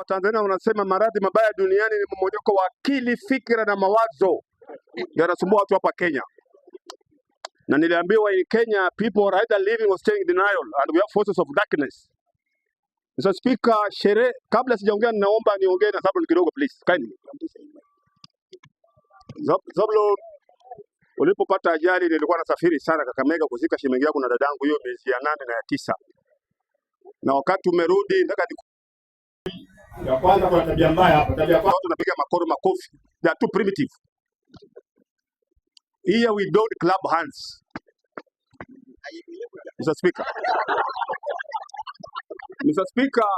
Watanzania wanasema maradhi mabaya duniani ni mmonyoko wa akili, fikra na mawazo, ndio yanasumbua watu hapa Kenya. Na niliambiwa in Kenya people are either living or staying in denial and we have forces of darkness. Mr. Speaker, shere, kabla sijaongea ninaomba niongee na Zablon kidogo please. Kindly. Zablon, ulipopata ajali nilikuwa nasafiri sana Kakamega kuzika shimengi yako na dadangu hiyo miezi ya nane na ya tisa na wakati umerudi nataka ya kwanza kuna tabia mbaya hapa, tabia kwanza, tunapiga makoro makofi. They are too primitive. Here we don't club hands. Mr. Speaker. Mr. Speaker,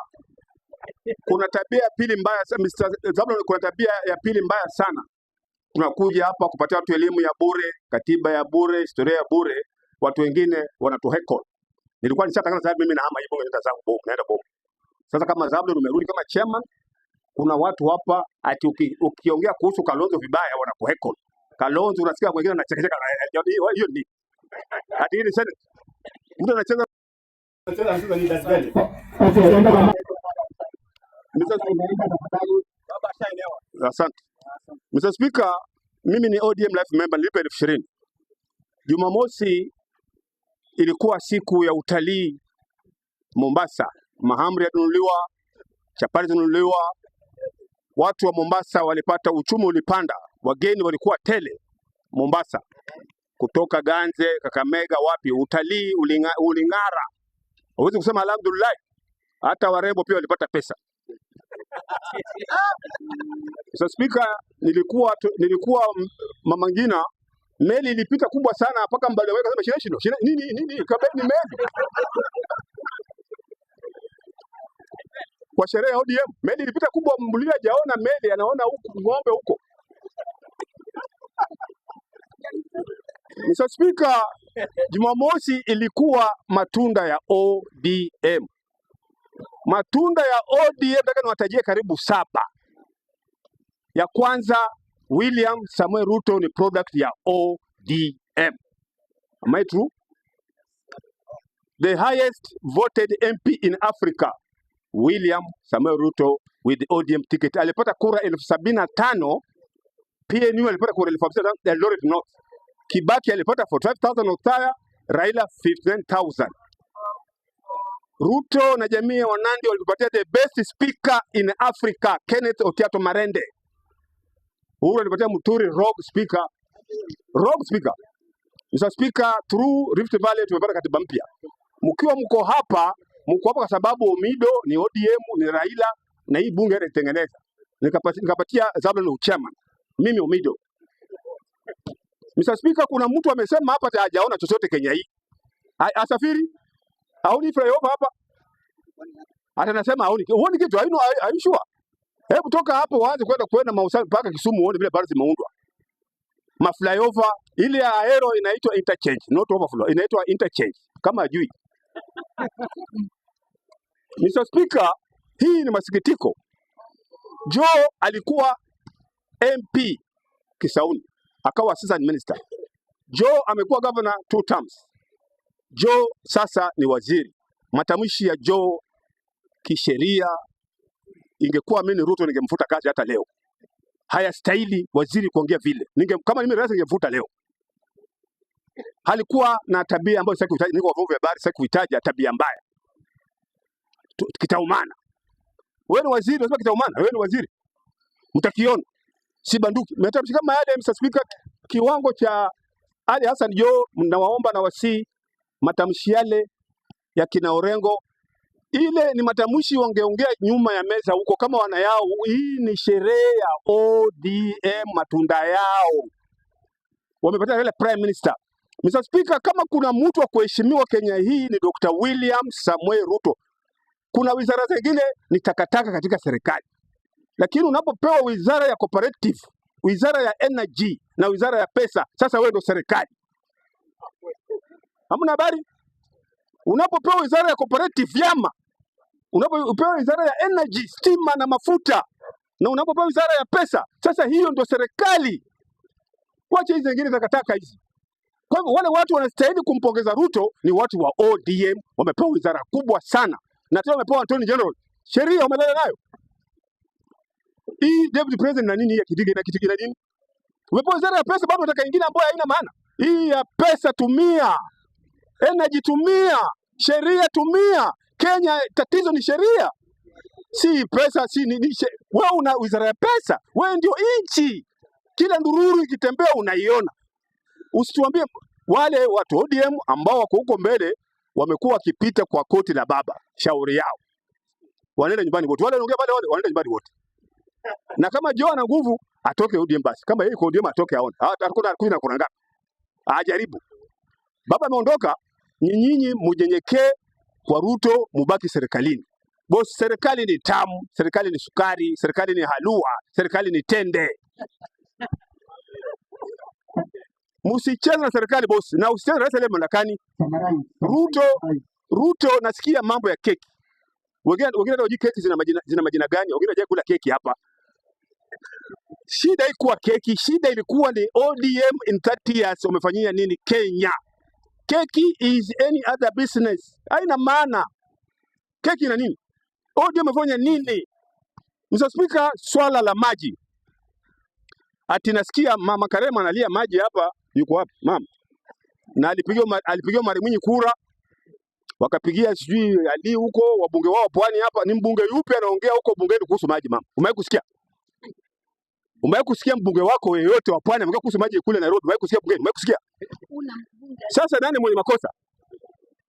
kuna tabia ya pili mbaya sana Mr. Zablon, kuna tabia ya pili mbaya sana. Tunakuja hapa kupatia watu elimu ya bure, katiba ya bure, historia ya bure, watu wengine wanatuheckle. Nilikuwa nishatangaza mimi na hama hiyo, nitaanza bomu, naenda bomu. Sasa kama Zablon umerudi kama chairman, kuna watu hapa ati uki, ukiongea kuhusu Kalonzo vibaya wanakuheko. Kalonzo unasikia mwingine anachekecheka, eh, hiyo ni ati ni sasa. mtu anacheza anacheza ni Asante. Mr. Speaker, mimi ni ODM life member nilipa elfu ishirini. Jumamosi ilikuwa siku ya utalii Mombasa mahamri yalinunuliwa, chapati zinunuliwa, Watu wa Mombasa walipata, uchumi ulipanda, wageni walikuwa tele Mombasa, kutoka Ganze, Kakamega, wapi, utalii uling'ara, uling'ara. Huwezi kusema alhamdulillah, hata warembo pia walipata pesa. So, Spika, nilikuwa nilikuwa Mama Ngina, meli ilipita kubwa sana mpaka mbali, wakasema shireshino nini nini, kabla ni meli kwa sherehe ya ODM. Meli ilipita kubwa, Mbulia hajaona meli, anaona huku ng'ombe huko. Mr. Speaker, Jumamosi ilikuwa matunda ya ODM, matunda ya ODM. Nataka niwatajie karibu saba. Ya kwanza, William Samuel Ruto ni product ya ODM. Am I true? The highest voted MP in Africa William Samuel Ruto with the ODM ticket alipata kura elfu sabini na tano. PNU alipata kura elfu hamsini na Eldoret North. Kibaki alipata 45000 Othaya, Raila 15000. Ruto na jamii ya Wanandi walipatia the best speaker in Africa, Kenneth Otiato Marende. Uhuru alipatia Muturi rogue speaker. Rogue speaker. Mr. Speaker, through Rift Valley tumepata katiba mpya. Mkiwa mko hapa mko hapa kwa sababu Omido ni ODM ni Raila na hii bunge alitengeneza, nikapatia Zablon uchama mimi Omido. Mr. Speaker, kuna mtu amesema hapa hajaona chochote Kenya hii, asafiri aoni flyover hapa hata nasema aoni, huoni kitu haino haishua. Hebu toka hapo waanze kwenda kwenda mausani mpaka Kisumu, uone vile bara zimeundwa maflyover ile ya aero inaitwa interchange, not overflow, inaitwa interchange kama ajui Mr. Speaker, hii ni masikitiko. Joe alikuwa MP Kisauni, akawa assistant minister. Joe amekuwa governor two terms. Joe sasa ni waziri. Matamshi ya Joe kisheria, ingekuwa mimi Ruto ningemfuta kazi hata leo. Hayastahili waziri kuongea vile. Ninge, kama mimi rais ningemfuta leo halikuwa na tabia ambayo sasa kuitaja, niko vyombo vya habari sasa kuitaja tabia mbaya, kitaumana. Wewe ni waziri, unasema kitaumana. Wewe ni waziri, mtakiona si banduki mtamshika kama yale Speaker, kiwango cha Ali Hassan Jo. Mnawaomba na wasi matamshi yale ya kina Orengo, ile ni matamshi wangeongea nyuma ya meza huko kama wana yao. Hii ni sherehe ya ODM, matunda yao wamepata ile prime minister Mr. Speaker, kama kuna mtu wa kuheshimiwa Kenya hii ni Dr. William Samuel Ruto. Kuna wizara zingine ni takataka katika serikali, lakini unapopewa wizara ya cooperative, wizara ya energy na wizara ya pesa, sasa wewe ndo serikali. Hamna habari. Unapopewa wizara ya cooperative, vyama, unapopewa wizara ya energy, stima na mafuta, na unapopewa wizara ya pesa, sasa hiyo ndo serikali. Wacha hizi zingine takataka hizi. Kwa hivyo wale watu wanastahili kumpongeza Ruto ni watu wa ODM, wamepewa wizara kubwa sana na tena wamepewa Attorney General. Sheria wamelala nayo hii deputy president na nini ya kidige na kitige na nini, umepewa wizara ya pesa, bado unataka ingine ambayo haina maana. Hii ya pesa tumia, energy tumia, sheria tumia. Kenya tatizo ni sheria, si pesa, si ni Wewe una wizara ya pesa, wewe ndio nchi, kila ndururu ikitembea unaiona. Usituambie wale watu ODM ambao wako huko mbele wamekuwa wakipita kwa koti la baba, shauri yao wanaenda nyumbani wote, wale wanaongea pale, wale wanaenda nyumbani wote. Na kama Joe ana nguvu atoke ODM basi, kama yeye kwa ODM atoke, aone ah, atakuwa anakuja na kuna ngapi, ajaribu. Baba ameondoka, ni nyinyi mjenyenyekee kwa Ruto, mubaki serikalini. Boss, serikali ni tamu, serikali ni sukari, serikali ni halua, serikali ni tende. Msicheze na serikali bosi, na usicheze rais aliye madarakani Ruto. Ruto, nasikia mambo ya keki, wengine wengine hawajui keki zina majina, zina majina gani, wengine hawajui kula keki hapa. Shida ikuwa keki, shida ilikuwa ni ODM in 30 years wamefanyia nini Kenya? Keki is any other business, haina maana. Keki na nini? ODM wamefanya nini? Mr. Speaker, swala la maji, ati nasikia mama Karema analia maji hapa yuko wapi mama? Na alipigiwa alipigwa mara mwingi kura, wakapigia sijui ali huko wabunge wao pwani hapa. Ni mbunge yupi anaongea huko bungeni kuhusu maji mama? Umewahi kusikia? Umewahi kusikia mbunge wako yeyote wa pwani anaongea kuhusu maji kule Nairobi? Umewahi kusikia bungeni? Umewahi kusikia? Sasa nani mwenye makosa?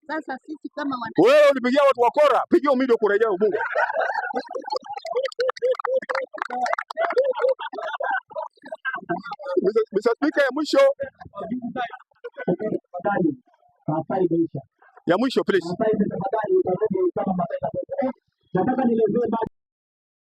Sasa sisi kama wana wewe ulipigia watu wakora, pigia umido kura ijayo ubunge. Mr. Speaker, ya mwisho ya mun please